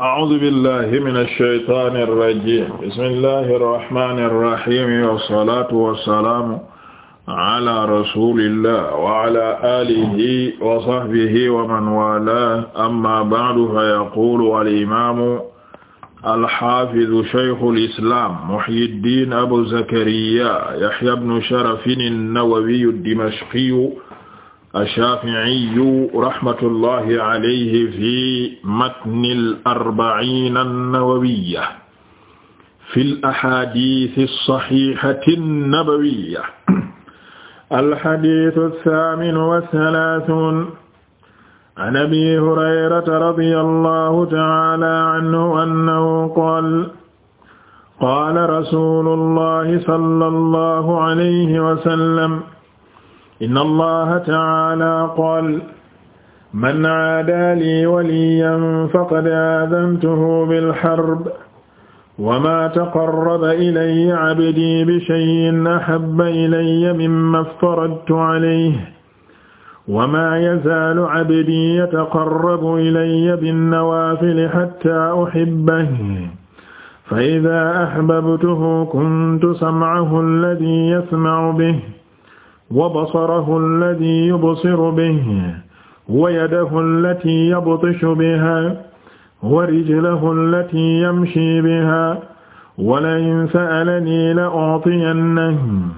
أعوذ بالله من الشيطان الرجيم بسم الله الرحمن الرحيم والصلاة والسلام على رسول الله وعلى آله وصحبه ومن والاه أما بعد فيقول الإمام الحافظ شيخ الإسلام محيي الدين أبو زكريا يحيى بن شرف النووي الدمشقي ash-Shaafi'iyyu rahmatullahi alayhi fi matni al-arba'iin an-nawawiyya fi al-ahaadiith as-sahiihati an-nabawiyya al-hadiith ath-thaamin wa thalaathuun an Abii Hurayrata radiyallahu ta'aalaa anhu annahu qaala qaala rasuulullahi sallallahu alayhi wa sallam inna allaha taala qaal man aadaa lii waliyan faqad aadantuhu bilharb wa maa taqarraba ilayya cabdii bishay'in ahabba ilayya mimmaa aftaradtu calayhi wa maa yazaalu cabdii yataqarrabu ilayya binnawaafili hattaa uhibbahu fa idaa ahbabtuhu kuntu samcahu alladii yasmacu bihi wa basarahu alladhi yubsiru bihi wa yadahu allati yabtishu biha wa rijlahu allati yamshi biha wa la'in sa'alani la'u'tiyannahu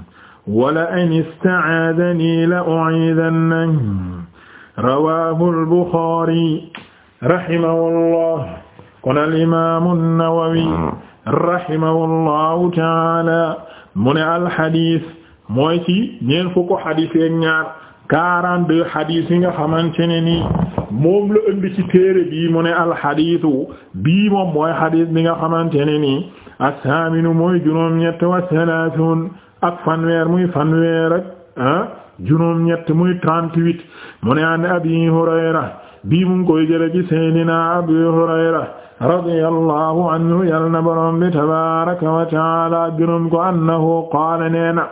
wa la'in ista'aadani la'u'iidannahu rawaahu al-Buxaari rahimahullah kon al-imaamu an-Nawawi hmm. rahimahullahu ta'aala mu ne al-hadiis mooy ci ñeent fukk ko xadiis yi ñaar quarante deux xadiis nga xamante ne nii moom la indi ci téere bii mu ne alxadiisu bii moom mooy xadiis bi nga xamante ne nii assaaminu mooy juróom-ñett wa salaatun ak fanweer muy fanweer ak ah muy trente-huit mu ne an abi hurayra bii mu ngi koy seydina abi hurayra radiyallahu anhu yal na bi tabaaraka wa taala juróom ko annahu qaala neena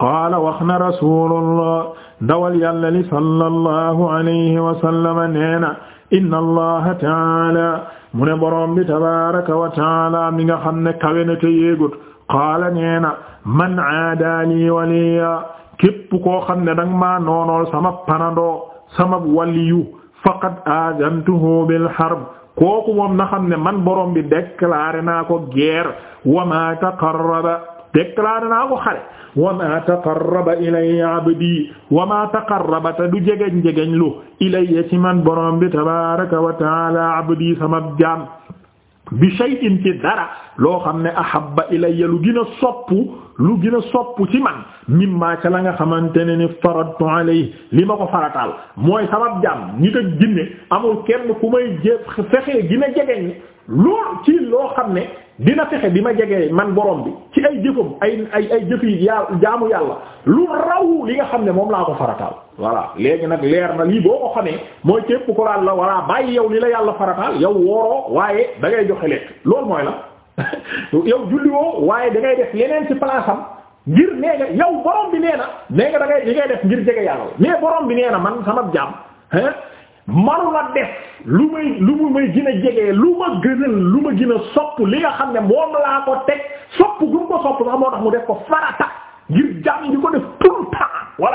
qaala wax na rasulullah dawal yàlla li sallallahu alayhi wa sallam neena inna allaha taala mu ne boroom bi tabaraka wa taala mi nga xam ne kawe na te yéegut qaala neena man aadaali waliya képp koo xam ne dang maa noonool sama panandoo sama waliyu faqad aajantuhu bil harb kooku moom na xam ne man boroom bi déclaré naa ko guerre wa ma taqarraba déclaré naa ko xare wa ma taqarraba ilayya abdi te du jegeñ jegeñ lu ilayya ci man borom bi tabaraka wa taala abdi sama jaam bi shay'in ci dara loo xam ne ahabba ilayya lu gën a soppu lu gën soppu ci man mimma ca la nga xamante ne ni faradtu alayhi li ma ko jàmm nit ak jinne amul kenn ku may jé fexe jegeñ loolu ci loo xam ne dina fexe bi ma jegee man borom bi ci ay jëfam ay ay ay jëfi yàlla jaamu yàlla lu raw li nga xam ne moom laa ko farataal voilà léegi nag leer na lii boo ko xamee mooy képp ko laal la voilà bàyyi yow li la yàlla farataal yow wooroo waaye da ngay joxe lekk loolu mooy la yow julliwoo waaye da ngay def leneen ci place ngir nee nga yow bi nee na nee nga da ngay li ngay def ngir jege yàlla mais borom bi nee na man sama jaam manu ma def lu may lu mu may gën jege lu ma gënal lu ma gën a sopp li nga xam ne moom laa ko teg sopp gu ko sopp sax moo tax mu def ko farata ngir jàmm di ko def tout le temps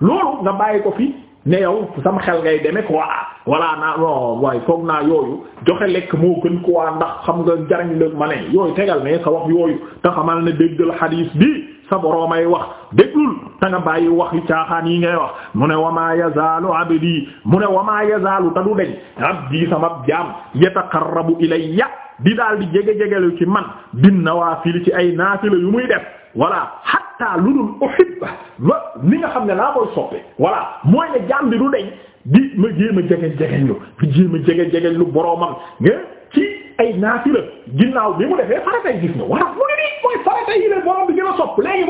loolu nga bàyyi ko fi ne yow sama xel ngay demee quoi voilà naa non waaye foog naa yooyu joxe lekk moo gën quoi ndax xam nga jariñ la ma ne yooyu tegal ne sa wax yooyu te xamal ne déggal xadiis bi sa boroomay wax déglul ta nga bàyyi wax yi caaxaan yi ngay wax mu ne wamaa yazaalu abdi mu ne wamaa yazaalu ta du deñ abdi sama jaam yataqarrabu ilayya di daal di jege-jegelu ci man bin nawaafil ci ay naafila yu muy def voilà hatta lu dul uhibba ba ni nga xam ne laa koy soppe voilà mooy ne jaam bi du deñ di ma jéem a jege jegeñlu di boroomam nga ay naafila ginnaaw bi mu defee faratay gis nga waaw mu ne nii mooy faratay yi la borom bi gën a sopp léegi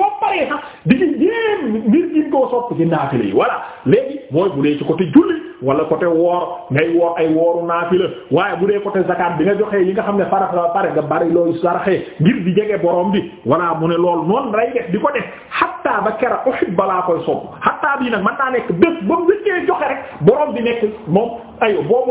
di côté julli wala côté woor ngay ay wooru naafila waaye bu dee côté zakat bi nga joxee li nga xam ne farata la pare nga bari looy borom bi voilà mu ne loolu noonu lay def koy sopp xatta bii mën naa nekk bés boobu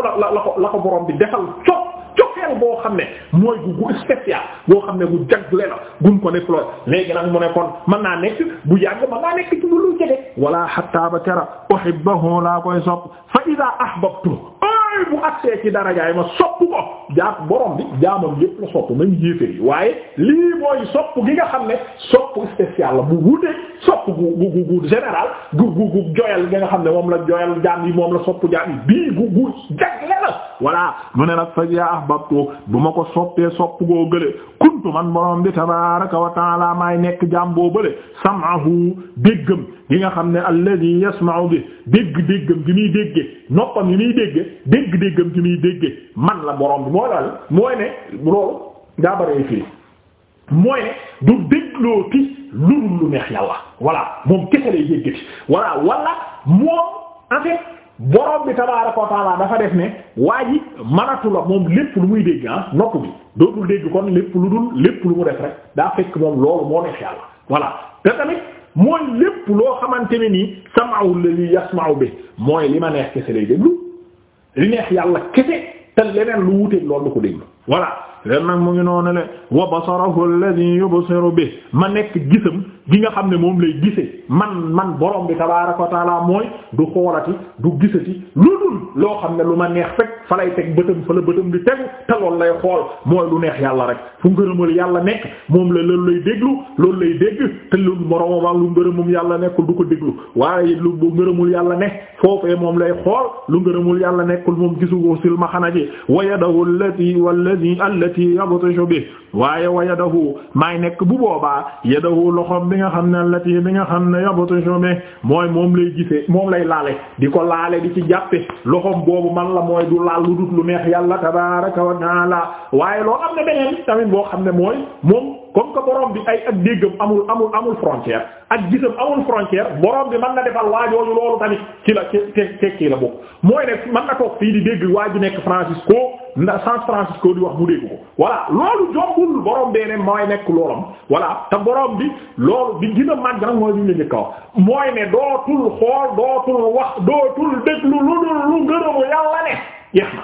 la la ko borom bi defal sopp cofeel boo xam ne mooy gu gu spécial boo xam ne gu jagle la gum ko ne flor léegi nag mu ne kon mën naa nekk bu yàgg mën naa nekk ci lu lu jege wala hatta ba tera uhibbahu laa koy sopp fa ida ahbabtu ay bu agsee ci darajaay ma sopp ko jaak borom bi jaamam yépp la sopp même yéeféer yi waaye lii mooy sopp gi nga xam ne sopp spécial la bu wute sopp gu gu gu gu gu gu joyal gi nga xam ne moom la joyal jaam yi moom la sopp jaam yi bii voilà mu ne nag faja ahbabtu bu ma ko soppee sopp goo gële kuntu man borom bi tabaraka wa taala nekk jaam boo bële sam'ahu déggam gi nga xam ne alladhi yasma'u bi dégg déggam gi muy dégge noppam yi muy dégge dégg déggam gi dégge man la borom bi mooy daal mooy ne loolu daa bëree fii mooy ne du dégloo lu lu neex yàlla voilà moom kese lay déggati voilà wala moom en borom bi tabaaraka wa dafa def ne waa ji manatu la moom lépp lu muy dégg ah nopp bi dootul dégg kon lépp lu dul lépp lu mu def rek daa fekk moom loolu moo neex yàlla voilà te tamit mooy lépp loo xamante ne nii sam'u alladhi yasma'u bi mooy li ma neex kese lay déglu li neex yàlla kese te leneen lu wuteeg loolu du ko déglu voilà. ren nag mu ngi noonu le wa basarahu alladhi yubsiru bi ma nekk gisam. gi nga xam ne moom lay gisee man man borom bi tabaaraka wa taala mooy du xoolati du gisati lu dul loo xam ne lu ma neex fekk fa lay teg bëtam fa la bëtam di tegu te loolu lay xool mooy lu neex yàlla rek fu ngërëmal yàlla nekk moom la loolu lay déglu loolu lay dégg te lu moroomam lu ngërëmum yàlla nekkul du ko déglu waaye lu ngërëmul yàlla ne foofee moom lay xool lu ngërëmul yàlla nekkul moom gisu ko silmaxana ji wa yadahu allati wallati allati yabtashu bi waaye wa yadahu may nekk bu boobaa yadahu loxom bi nga xam ne allati bi nga xam ne yabatushu bi mooy moom lay gisee moom lay laale di ko laale di ci jàppe loxoom boobu man la mooy du laal lu dut lu neex yàlla tabaraka wa taala waaye loo am ne beneen tamit boo xam ne mooy moom comme que borom bi ay ak déggam amul amul amul frontière ak gisam amul frontière borom bi mën na defal waajooju loolu tamit ci la ci ci kii la bokk mooy ne mën na toog fii di dégg waa nekk Francisco ndax San Francisco di wax mu dégg ko voilà loolu jombul borom bee ne mooy nekk loolam voilà te boroom bi loolu bi gën a màgg nag mooy li ñu njëkk a wax mooy ne dootul xool dootul wax dootul déglu lu dul lu gërëmu yàlla ne jeex na.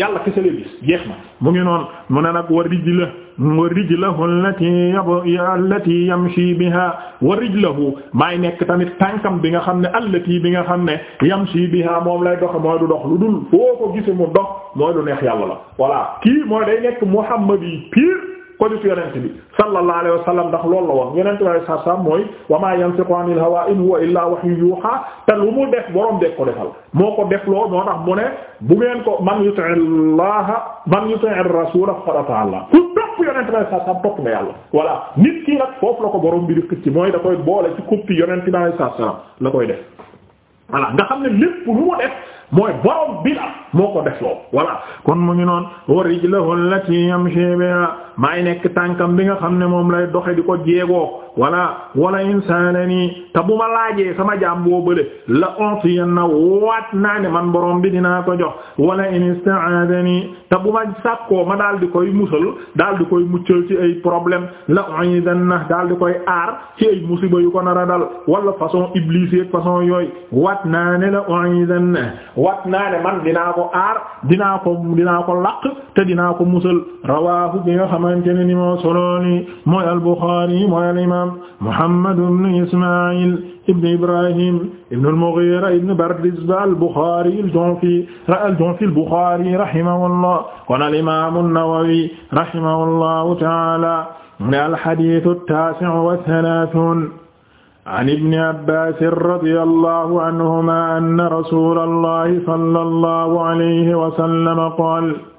yàlla kese la gis jeex na mu ngi noonu mu ne nag wa rijla wa rijlahu allati allati yamshi biha wa rijlahu maay nekk tamit tànkam bi nga xam ne allati bi nga xam ne yamshi biha moom lay doxe mooy du dox lu dul foo ko mu dox mooy du neex yàlla la voilà kii mooy day nekk muhammadi pire xolitu yonent bi sallallahu alayhi wa sallam ndax loolu la woon yonent bi alayhi salaam mooy wa ma yantiqu anil hawa in huwa illa wahyu yuha te lu mu def borom def ko defal moo ko def loo moo tax mu ne bu ngeen ko man yuti'i llaha man yuti'i rasula ku topp yonent bi alayhi salaam nit ki nag foofu la ko borom bi di xëcc mooy da koy boole ci kuppi yonent bi alayhi salaam la koy def voilà nga xam ne lépp lu mu def mooy borom bi la moo ko def loo voilà kon mu ngi maay nekk tànkam bi nga xam ne moom lay doxe di ko jeegoo wala wala insanani te bu ma laajee sama jaam boo bële la ontiyan na wat naa ne man boroom bi dinaa ko jox wala in istaadani te bu ma sàkkoo ma daal di koy musal daal di koy muccal ci ay problème la uidan na daal di koy aar ci ay musiba yu ko nar a dal wala façon iblis ak façon yooyu waat naa ne la uidan na waat naa man dinaa ko aar dinaa ko dinaa ko laq te dinaa ko musal rawahu bi nga xam xamante ne ni moo solooni mooy al-Buxaari mooy al-imaam Muhammad ibn Ismaa'il ibn Ibrahim ibn al-Mughiira ibn Bardizbah al-Buxaari al-Ju'fi al-Ju'fi al-Buxaari rahimahullah kon al-imaam an-Nawawi rahimahullahu ta'aala ne al-hadiis at-taasi'u wa thalaathuun an ibni Abbaas radiyallahu anhumaa anna rasuulallahi sallallahu alayhi wa sallam qaala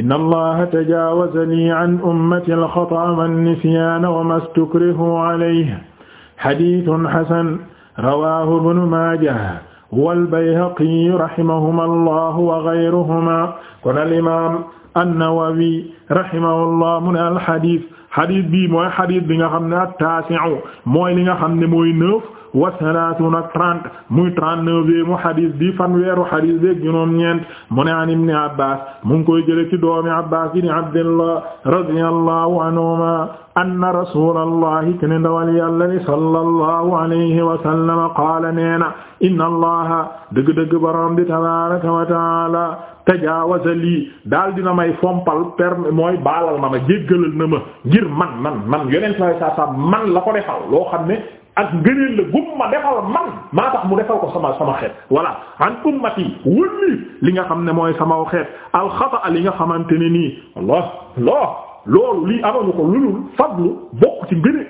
inna allaha tajaawazanii an ummati alxata'a wannisyaana wa mastukrihu alayhi xadiisun xasan rawaahu ibnu maaja wal bayhaqi rahimahuma allahu wa gayruhuma kon al imaam an-nawawi rahimahullah mu ne al xadiis xadiis bii mooy xadiis bi nga xam ne at-taasi'u mooy li nga xam ne mooy neuf wa salaatun ak trente muy trente-neuf yi mu xadis bi fanweeru xadis beeg juróom ñeent mu ne an ibni abbas mu ngi koy jële ci doomi abbas yi ni abdillah radiyallahu anhuma anna rasulallahi kene ndawal yàlla li sallallahu alayhi wa neena inna allaha dëgg-dëgg borom bi tabaraka wa taala tajaawaza lii daal dina may fompal per mooy baalal na ma jéggalal na ma ngir man man man yonent sallallahu alayhi wa sallam man la ko defal loo xam ne ak ngëneel la gum ma defal man maa tax mu defal ko sama sama xeet voilà an ummati wëlliif li nga xam ne mooy sama xeet alxataa li nga xamante ne nii allah allah loolu lii amañu ko lulul fadlu bokk ci ngëneel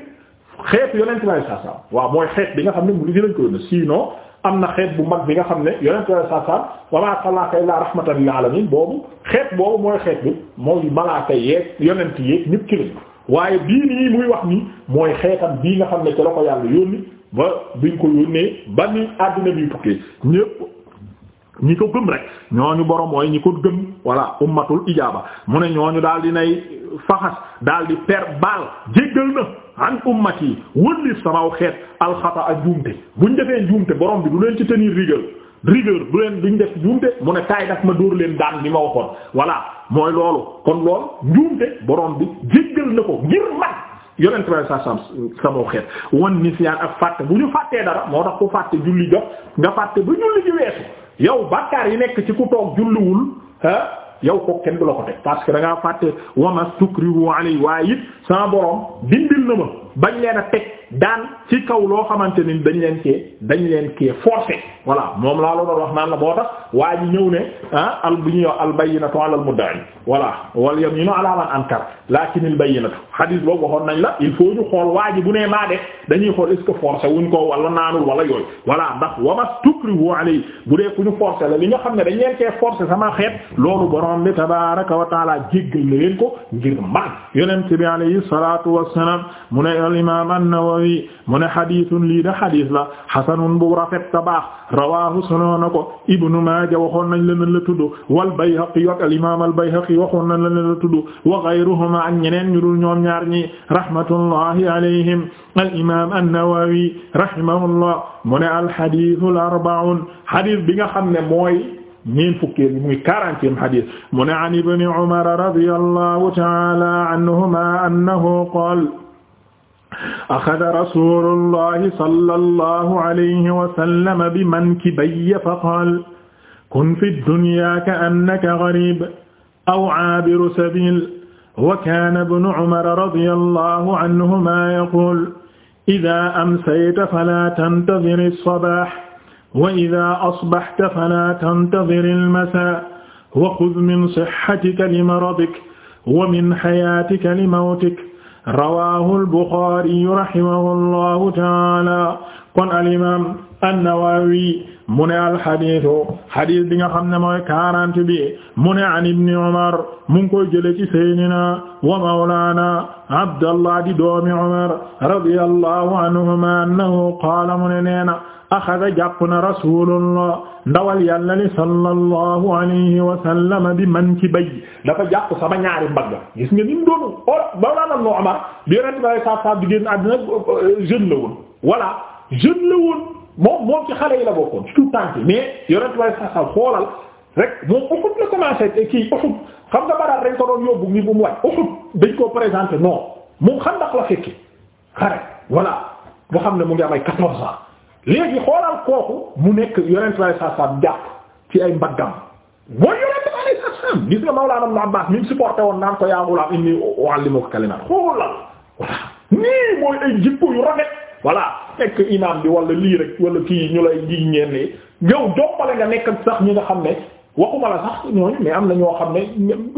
xeet yonent bi saa waaw mooy xeet bi nga xam ne mu ngi lañ ko yónnee sinon am na xeet bu mag bi nga xam ne yonent bi saa saa wa maa arsalnaaka illaa rahmatan lil aalamiin boobu xeet boobu mooy xeet bi mooy malaaka yeek yonent yeek ñépp ci lañ waaye bii nii muy wax nii mooy xeetam bii nga xam ne ca la ko yàlla yónni ba biñ ko yónnee ba ni àddina bi tukkee ñépp ñi ko gëm rek ñooñu borom mooy ñi ko gëm voilà ummatul ijaaba mu ne ñooñu daal di nay faxas daal di per baal jéggal na an ummati wëlli samaw xeet alxata ak njuumte buñ defee njuumte borom bi du leen ci tenir rigueur rigueur du leen duñ def njuumte mu ne kaay daf ma dóor leen daan bi ma waxoon voilà mooy loolu kon loolu njuumte borom bi jéggal na ko ngir man yonent ba sa sam sama xeet wan nisiyaan ak fàtte bu ñu fàttee dara moo tax ku fàtte julli jot nga fàtte ba julli ji weesu yow bàkkaar yi nekk ci ku toog julliwul ah yow ko kenn du la ko teg parce que da ngaa fàtte wamas tukrihu waaye it sama borom dindil na ma bañ leen a teg daan ci kaw loo xamante ni dañ leen kee dañ leen kee forcé voilà moom laa loolu wax naan la boo tax waa ji ñëw ne ah al bu ñuy al bayyinatu ala al mudda'i voilà wal yaminu ala man ankar lakin al bayyinatu hadith boobu waxoon nañ la il faut ñu xool waa ji bu nee maa def dañuy xool est-ce que forcé wuñ ko wala naanul wala yooyu voilà ndax wamastukrihu alay bu dee ku ñu forcé la li nga xam ne dañ leen kee forcé sama xeet loolu borom bi tabaraka wa taala jéggal na leen ko ngir man al imaam an-Nawawi mu ne xadiisun lii de xadiis la xasanun bu rafet ta baax rawaahu solo na ko Ibnu Maaja waxoon nañ la la tudd wal Bayhaqi ak al imaam al Bayhaqi waxoon nañ la la tudd wa ghayruhumaa ak ñeneen ñu dul ñoom ñaar ñi rahmatullahi alayhim al imaam an-Nawawi rahimahullah mu ne al xadiisul arba'uun xadiis bi nga xam ne mooy. ñeent fukkeel bi muy quarantième hadith mu ne an ibni umar radiyallahu ta'ala anhuma annahu qala axada rasulullahi sallallahu alayhi wa sallam bi mankibayya fa qaal kun fi dunya ka annaka gharib aw aabiru sabil wa kaana ibnu umar radiyallahu anhuma yaqul ida amsayta fala tantazir alsabax wa ida asbaxta fala tantazir almasa wa xud min sixatika limaradika wa min xayaatika limawtika rawaahu al-Buxaari rahimahu llahu ta'aala kon al-imaam an-Nawawi mu ne alxadiisu xadiis bi nga xam ne mooy quarante bi mu ne an ibni umar mu ngi koy jële ci seydina wa mawlaana abdallah di doomi umar radiyallahu anhuma annahu qaala mu ne nee na axada jàpp na rasulullah ndawal yàlla li sallallahu alayhi wa sallam bi man ci bay dafa jàpp sama ñaari mbagg gis nga ni mu doon mawlaana ibnu umar bi yonent bi sallallahu alayhi wa sallam di génn àddina jeune la woon voilà jeune la woon moom moom ci xale yi la bokkoon surtout tànk mais yonent way sasam xoolal rek moom Uhud la commencé kii Uhud xam nga baral dañ ko doon yóbbu ngi bu mu wàcc Uhud dañ koo présenté non mu Xandaq la fekki xare voilà nga xam ne mu ngi am ay quatorze ans léegi xoolal kooku mu nekk yonent way sasam jàpp ci ay mbaggam mooy yonent way sasam gis nga Mawlaana Ibn Abbaas mi supporté woon naan ko yaa ghulaam inni u'allimuka kalimaat xoolal voilà nii mooy ay voilà nekk imam bi wala lii rek wala kii ñu lay jiñ ngeen nii yow jombale nga nekk sax ñi nga xam ne waxuma la sax ñooñu mais am na ñoo xam ne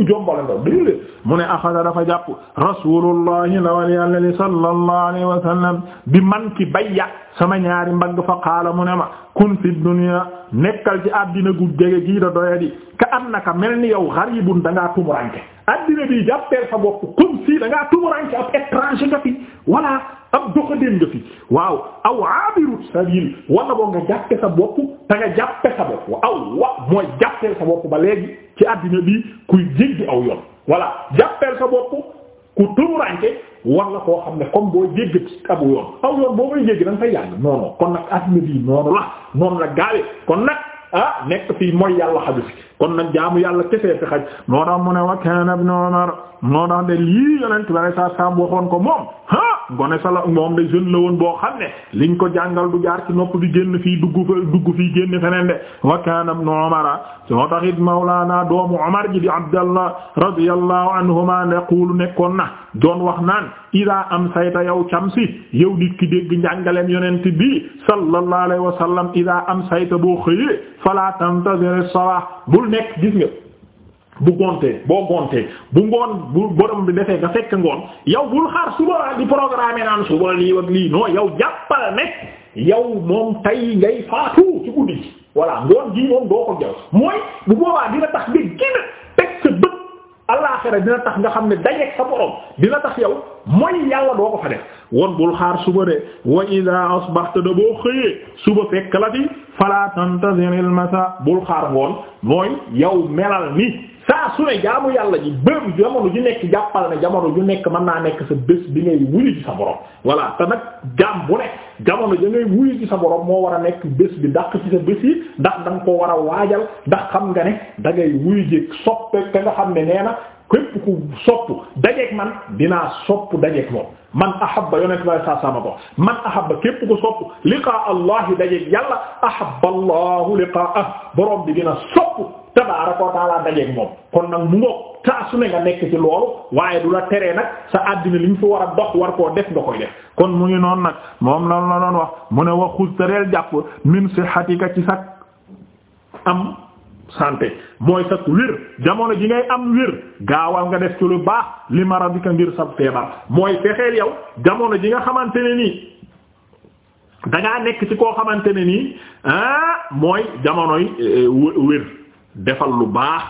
jombale nga dégg mu ne axada dafa jàpp rasulullahi ndawal yàlla li sallallahu alayhi bi man ki bayya sama ñaari mbagg fa qaala mu ne ma kun fi dunya nekkal ci àddina gu jege gii da doyadi ka annaka mel ni yow gharibun da tumuranke àddina bi jàppeel sa bopp comme si da tumuranke ab étranger ab doxandéem nga fi waaw aw aabiru sabil wala boo nga jàppe sa bopp te nga jàppe sa bopp aw wa mooy jàppeel sa bopp ba léegi ci àddina bi kuy jéggi aw yoon voilà jàppeel sa bopp ku tumuranke la koo xam ne comme boo jéggi abu yoon aw yoon boo koy jéggi da nga fay yàgg noonu kon nag àddina bi noonu la noonu la gaawee kon nag ah nekk fii mooy yàlla xaju fi kon nag jaamu yàlla kesee fi xaj moo tax mu ne wa kana ibn noo naa ne lii yonent bi alayhi salaam waxoon ko moom ah gone sa la moom de jeune la woon boo xam ne liñ ko jàngal du jaar ci nopp bi génn fii dugg fa dugg génn feneen de wa kaana ibnu umara soo taxit mawlaana doomu umar ji di abdallah radiyallahu anhuma yaqulu nekkoon na doon wax naan ila am sayta yow camsi yow nit ki dégg njàngaleem yonent bi sallallahu alayhi wa sallam ila am sayta boo xëyee fala tantazir as-sabah bul nekk gis nga bu gontee boo gontee bu ngoon bu borom bi defee nga fekk ngoon yow bul xaar suba di programme naan suba lii ak lii non yow jàppal ne yow moom tay ngay faatu ci guddi gi voilà ngoon gi moom doo ko jaw mooy bu boobaa dina tax nga xam ne dajeek sa borom dina tax yow mooy yàlla doo ko fa def won bul xaar suba de wa idaa asbaxta da boo xëyee suba fekk la fi falaa tantaziril masa bul xaar ngoon mooy yow melal ni saa su jaamu yàlla ji bépp jamono ju nekk jàppal na jamono ju nekk mën naa nekk sa bés bi ngay wuyu sa borom voilà te nag jaam bu ne jamono ji ngay wuyu ci sa borom moo war a nekk bés bi ndax ci sa bés yi ndax da nga koo war a waajal ndax xam nga ne da ngay wuyu ji soppe te nga ne nee na képp ku sopp dajeek man dinaa sopp dajeek moom man ahabba yonent bi saa saa ma ko man ahabba képp ku sopp liqaa allah dajeek yàlla ahabba allah liqaa'ah borom bi dina sopp. tabaaraka wa taala dajeek moom kon nag mu ngoog saa su ne nga nekk ci loolu waaye du la teree nag sa àddina li ñu fi war a dox war koo def nga koy def kon mu ngi noonu nag moom la la doon wax mu ne wax xustareel jàpp min sihhatika ci sax am santé mooy sax wér jamono ji ngay am wér gaawal nga def ci lu baax li maradika ngir sa feebar mooy fexeel yow jamono ji nga xamante ne nii dangaa nekk ci koo xamante ne nii ah mooy jamonoy eh, wér defal lu baax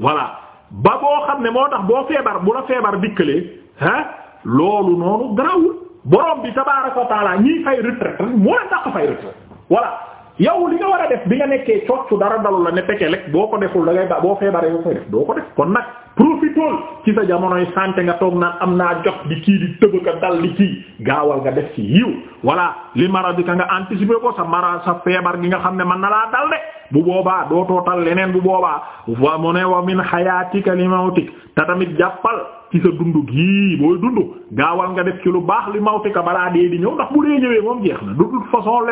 voilà ba boo xam ne moo tax boo feebar bu la feebar dikkalee ah loolu noonu garawul borom bi tabaaraka wa taala ñiy fay retraite moo la dàq fay retraite voilà yow li nga war a def bi nga nekkee cocc dara dalu la ne pekke lekk boo ko deful da ngay ba boo feebaree yoo koy doo ko def kon nag profitool ci sa jamonoy santé nga toog naan am naa jot di kii di a dal di kii gaawal nga def ci yiw voilà li mara bi ka nga anticiper ko sa mara sa feebar gi nga xam ne man na laa dal de bu boobaa dootoo tal leneen bu boobaa wa mu ne wa min hayatika li mawtik te tamit jàppal ci sa dund gii booy dund gaawal nga def ci lu baax li mawtika balaa dee di ñëw ndax bu dee ñëwee moom na de toute façon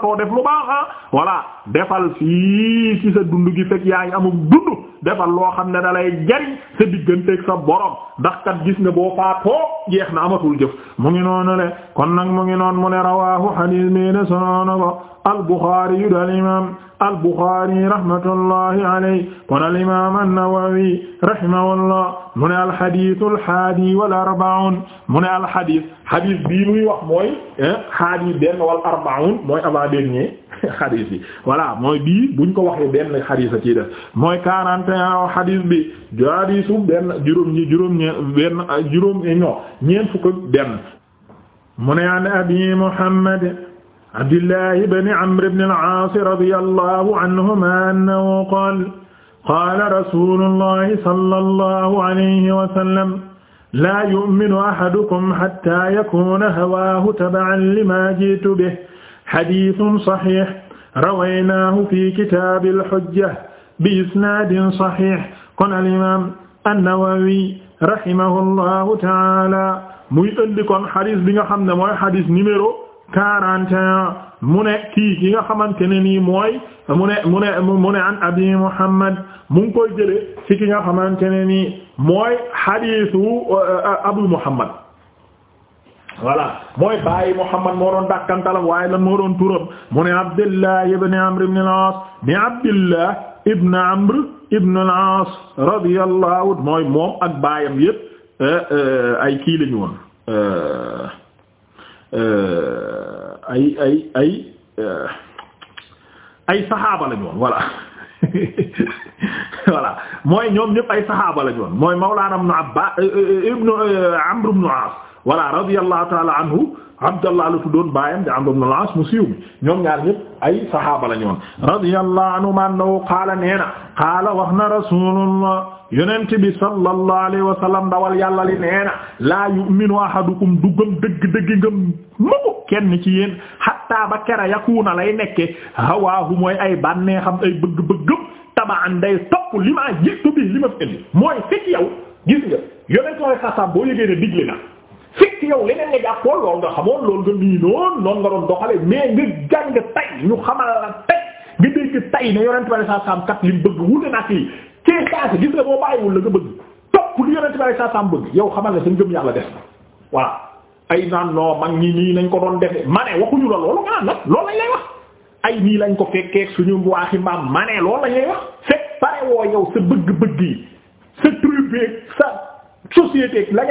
too def lu baax ah voilà defal fii ci sa dund gi fekk yaa ngi amul dund defal loo xam ne da lay jariñ sa digganteeg sa borom ndax kat gis nga boo faatoo jeex na amatul jëf mu ngi noonu le kon nag mu ngi noon mu ne rawahu hadis mii ne sonoona ko al-Bukhari yu dal imam al-Bukhari rahmatullahi alayhi kon al-imam an-Nawawi rahimahullah mu ne al-hadith al-hadi wal arba'un mu ne al-hadith hadith bii muy wax mooy hadi eh, benn wal arba'un mooy avant-dernier hadith yi voilà mooy bii buñ ko waxee benn hadith a ciy def mooy quarante an xadis bi hadisu benn juróom ñi juróom ñe benn juróom ñoo ñeent fukk ak benn mu ne an abi Muhammad Abdillahi bni Amr ibn al-Aas radiyallahu anhuma annahu qaala qaala rasuulullahi sallallahu alayhi wa sallam laa yu'minu ahadukum hattaa yakuuna hawaahu taba'an limaa ji'tu bihi hadiisun sahiih rawaynaahu fii kitaabil hujja bi isnaadin saxiix kon al imaam an-Nawawi rahimahullahu taala muy indi kon xadis bi nga xam ne mooy xadis numéro quarante et un mu ne kii ki nga xamante ne nii mooy mu ne mu ne mu ne an abi Muhammad mu ngi koy jële ci ki nga xamante ne nii mooy xadisu euh, abu Muhammad voilà mooy bàyyi Muhammad moo doon dàkkantalam waaye lan moo doon turam mu ne Abdullah ibn Amr ibn al-As bi Abdullah ibn amr ibn al-aas radiyallahu mooy moom ak baayam yépp eh, eh, ay kii lañu woon eh, ay ay ay ay saxaaba lañu woon voilà voilà mooy ñoom ñépp ay saxaaba lañu woon mooy mawlaana ibn abba ibn amr ibn aas voilà radiyallahu taala anhu abdallah la tuddoon baayam di Amr ibn al-As mu siiw mi ñoom ñaar ñëpp ay saxaaba la ñu woon radiyallahu anhu man nawu qaala nee na qaala wax na rasulullah yonent bi sallallahu alayhi wa sallam dawal yàlla li nee na laa yu'minu ahadukum du gëm dëgg-dëgg ngëm mukk kenn ci yéen hatta ba kera yakuuna lay nekke hawaahu mooy ay bànneexam ay bëgg-bëggam tabaan day topp li maa jiitu bi li ma fi indi mooy fekk yow gis nga yonent bi sallallahu alayhi wa sallam boo yëgee ne digle na fekk yow leneen nga jàppoon loolu nga xamoon loolu nga nii noonu noonu nga doon doxale mais nga jàng tay ñu xamal la tay nga dégg tay ne yonent bi saa saam kat li bëgg wute na ak lii cee saasi gis nga boo bàyyiwul la nga bëgg topp li yonent bi saa saam bëgg yow xamal la sa ngëm yàlla des na voilà. ay naan non mag ñi nii nañ ko doon defe ma waxuñu la loolu nga naan nag lañ lay wax ay nii lañ ko fekkee suñu waaxi maam ma ne loolu lañ lay wax fekk pare woo la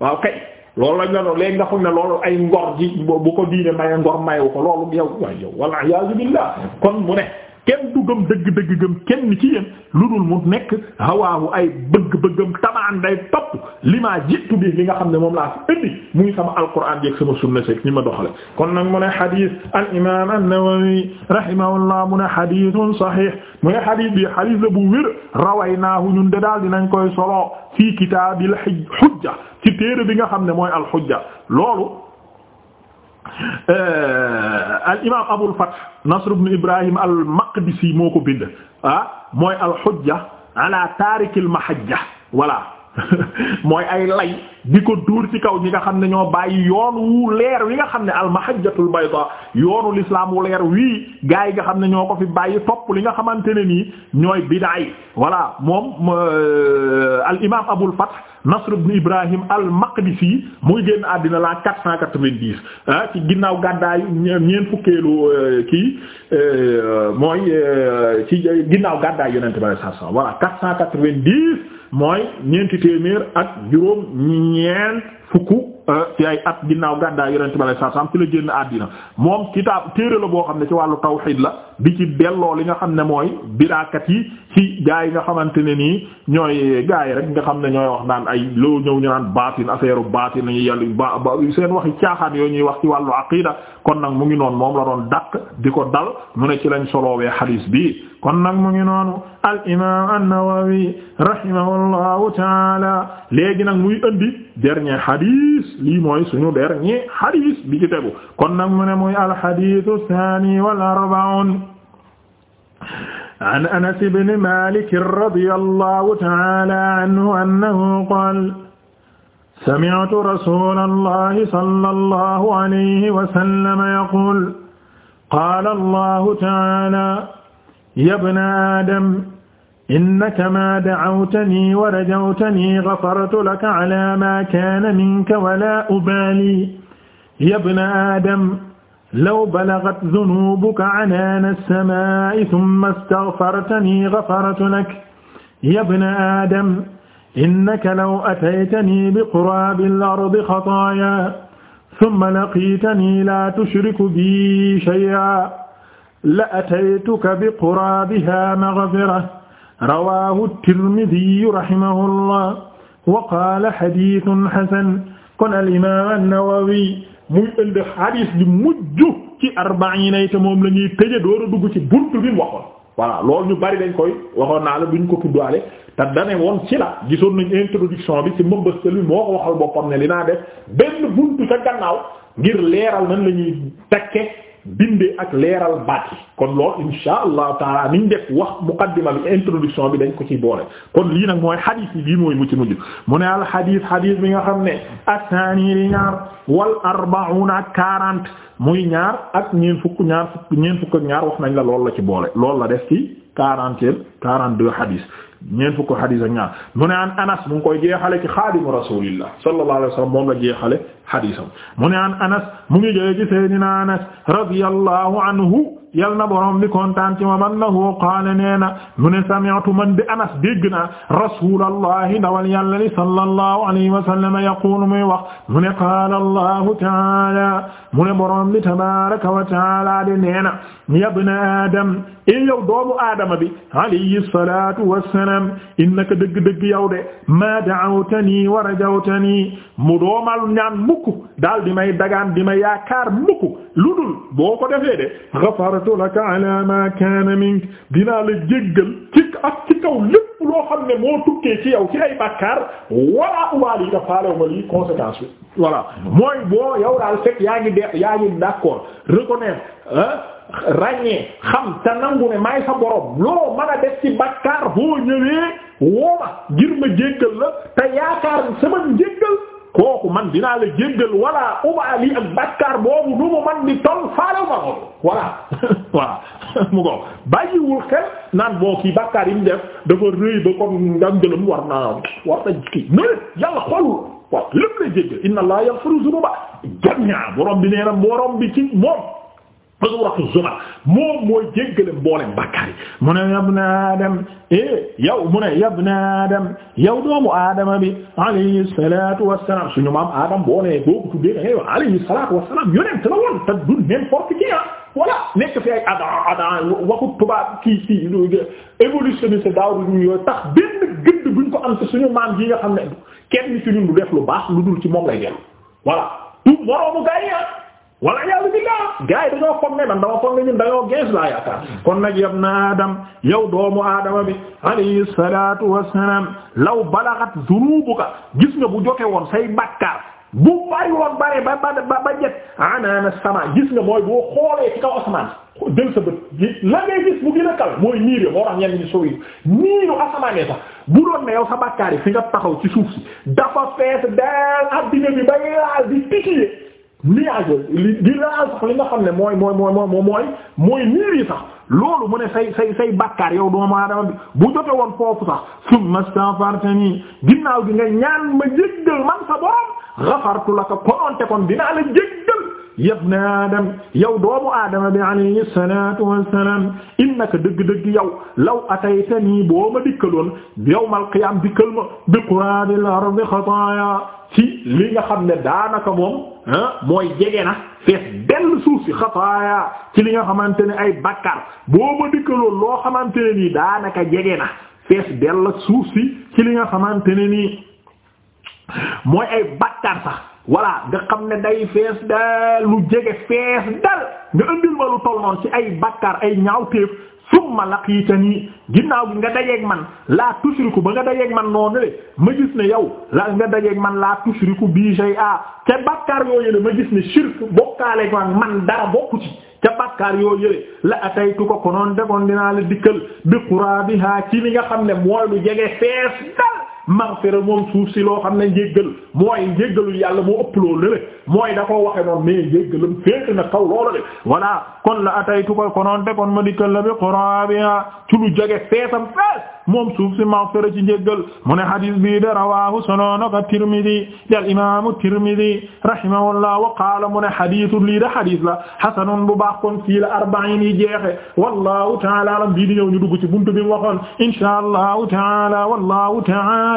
waaw kay loolu lañ la doon léegi nga xam ne loolu ay ngor ji bu ko diine maye ngor mayewu ko loolu yow waaye yow walla iyaazu billah kon mu ne kenn du gëm dëgg-dëgg gëm kenn mu nekk hawaahu ay bëgg-bëggam tamaan day topp li maa bi li nga xam ne moom laa fi indi muy sama alquran jeeg sama sunna seeg ni ma doxale kon nag mu ne xadis al imam an-Nawawi rahimahullah mu ne xadisun saxiix mu bi xadis la bu rawaynaahu ñun de daal dinañ koy solo fii kitaabil hujja bi nga xam ne mooy al hujja loolu Euh, al imaam Abul Fath Nasr ibn Ibrahim al Maqdisi moo ko bind ah mooy al hujja ala taarikil mahajja voilà mooy ay lay. di ko dóor ci kaw ñi nga xam ne ñoo bàyyi yoon wu leer wi nga xam ne almahajjatul bayda yoonu lislaam wu leer wii gaa yi nga xam ne ñoo ko fi bàyyi topp li nga xamante ne nii ñooy bidaay voilà moom euh, al imam abul fath nasr ibn ibrahim al maqdisi muy génn àddina la quatre cent quatre-vingt-dix ah ci ginnaaw gàddaayu ñeen fukkeelu euh, kii euh, mooy ci ginnaaw gàddaay yonente bi sallallahu alayhi wasallam voilà quatre cent quatre-vingt-dix mooy ñeenti téeméer ak juróom ñeent fukk Euh, ci ay at ginnaaw gàddaay yonent bi sallallahu alayhi wasallam ci la génn àddina moom kitaab téere la boo xam ne ci wàllu tawxiid la di ci delloo li nga xam ne mooy biraakat yi ci gaa yi nga xamante ne nii ñooy gaa yi rek nga xam ne ñooy wax naan ay loo ñëw ñu naan baatin affaire baatin nañu yi ba ba seen waxi caaxaan yooyu ñuy wax ci wàllu aqiida kon nag mu ngi noonu moom la doon dàq di ko dal mu ne ci lañ soloowee xadiis bi kon nag mu ngi noonu al imaam an na rahimahullahu taala léegi nag muy indi dernier xadiis lii mooy suñu dernier xadiis bi ci tegu kon nag mu ne muy alxadiisu saani wal arbaun an anas ibn malik radiyallahu ta'ala anhu annahu qaala sami'tu rasulallahi sallallahu alayhi wa sallam yaqul qaala allahu ta'ala ya ibna adam innaka maa dacawtanii wa rajawtanii gafartu laka calaa maa kaana minka walaa ubaalii ya bna aadam law balagat dunuubuka canaana as-samaa'i summa istagfartanii gafartu lak ya bna aadam innaka law ataytanii biquraabi al-ardi xataayaa summa laqiitanii laa tushriku bii shay'an la ataytuka biquraabihaa magfiratan rawaahu tirmidiyu rahimahullah wa qaala xadiisun xasan kon al imaam an-Nawawi muy indi xadiis bi mujj ci arba'iin yi te moom la ñuy tëje door a dugg ci buntu bi mu waxoon voilà loolu ñu bari dañ koy waxoon naa la duñ ko tuddaale te dane woon ci la gisoon nañ introduction bi ci mëmbëstal bi moo ko waxal boppam ne li naa def benn buntu ca gannaaw ngir leeral nan la ñuy tekke bindee ak leeral baat yi kon loolu insha allahu taala niñ def wax muqaddima bi introduction bi dañ ko ci boole kon lii nag mooy xadiis yi bii mooy mu ci mujj mu ne al xadiis xadiis bi nga xam ne asaani yi ñaar wal arbauna ak quarante muy ñaar ak ñeen fukk ñaar fukk ñeen fukk ak ñaar wax nañ la loolu la ci boole loolu la def ci quarantaine quarante-deux hadith ñeent fukk ko hadith ak ñaar mu ne an anas mu ngi koy jeexale ci xaadimu rasulillah sallallahu alayhi wasallam moom la jeexale haditham mu ne an anas mu ngi jëlee ci sayyidina anas radiyallahu anhu yal na borom bi kontaan ci moom annahu qaala nee na mu ne sami'tu man bi anas dégg naa rasulallahi dawal yàlla li sallallahu alayhi wa sallam yaqulu muy wax mu ne qaala allahu taala mu ne borom bi tabaraka wa taala de nee na ya ibna adam ee eh, yow doomu aadama bi alayhi salaatu wassalaam innaka dëgg-dëgg yow de ma da'awtani wa rajawtani mu doomal ñaan mukk daal di may dagaan di yaakaar mukk lu dul boo ko defee de ghafartu laka ala ma kaana mink dinaa la jéggal ci ak ci kaw lépp loo wala mooy boo yow daal fekk yaa ngi de yaa ràññee xam te nangu ne maay sa borom loo mën a def ci bakkaar boo ñëwee wooma ngir ma jéggal la te yaakaar sama njéggal kooku man dinaa la jéggal wala ubaali ak bakkaar boobu du mu man di tol faale ma ko voilà voilà mu ko bàyyiwul xel naan boo ki bakkaar yi mu def dafa rëy ba comme ngam jëlam war naa war na kii nit yàlla xoolul waaw lépp la jéggal inna allaha yaghfiru dhunuba jami'a borom bi nee na borom bi ci moom suratu zumar moom mooy jéggale mboolem bàkkaar yi mu ne yabna adam eh yow mu ne yabna adam yow doomu aadama bi alayhi salatu wassalam suñu maam adam boo ne boobu tuddee da ngay wax alayhi salatu wassalam yonent la woon te du n'importe qui ah voilà nekk fi ay adam adam tubaab kii kii évolutionniste daaw du yooyu tax benn gëdd buñ ko am ci suñu maam yi xam ne kenn ci ñun du def lu baax lu dul ci moom lay dellu voilà tout moroomu gars wala yàlla bi daa gars yi dañoo foog ne man dama nag yab na adam yow doomu aadama bi alayhi salatu wassalam law balagat zunubuka gis nga bu jote woon say bàkkaar bu bari woon bare ba ba jet anaana sama gis nga mooy boo xoolee ci kaw asamaan jël bët la ngay gis bu gën a kaw mooy niir yi moo tax ñenn ñi sowi niiru asamaanee sax bu doon ne yow sa bàkkaar yi fi nga taxaw ci suuf si dafa fees deel addina bi ba laal di titiye nuage li di laal li nga xam ne mooy mooy mooy mooy mooy mooy niir yi sax loolu mu ne say say say bakkaar yow doomu aadama bi bu jote woon foofu sax summa staghfartani ginnaaw gi nga ñaan ma jéggal man sa borom ghafartu laka konoonte kon dinaa la jéggal yabna adam yow doomu aadama bi alayhi salatu wassalam innaka dëgg-dëgg yow law ataytani boo ma dikkaloon yawmal qiyaam dikkal ma bi quraabil ardi xataaya ci li nga xam ne daanaka moom ah, mooy jege na fees dell suuf si xataaya ci li nga xamante ne ay bakkar boo ma dikkaloon loo xamante ne nii daanaka jege na fees dell suuf si ci li nga xamante ne nii mooy ay bakkar sax voilà nga xam ne day fees daal lu jege fees dal nga indil ma lu toll noonu ci ay bakkaar ay ñaawteef summa laqitani ginnaaw gi nga dajeeg man laa tushriku ba nga dajeeg man noonu le ma gis ne yow la nga dajeeg man laa tushriku bi shay'a te bakkaar yoo yële ma gis ne shirk bokkaale man dara bokku ci ca bakkaar yoo yële la ataytu ko konoon degoon dinaa la dikkal bi qurabiha ci li nga xam ne mooy lu jege fees dal maghfira moom suuf si loo xam ne njéggal mooy njéggalul yàlla moo ëpp loolu lé mooy da koo waxe noonu mais njéggalam féete na kaw loolu le voilà kon la ataytu ko kononte kon ma dikkal la bi qurabiha ah ci lu jege feesam fees moom suuf si maghfira ci njéggal mu ne hadis bi de rawahu sonoonaka tirmidi dal imamu tirmidi rahimahullah wa qaala mu ne hadisu lii da hadis la hasanun bu baax kon fii la arba'in yi jeexe wallahu taala alam bii di ñëw ñu dugg ci buntu bi mu waxoon insha allahu taala wallahu taala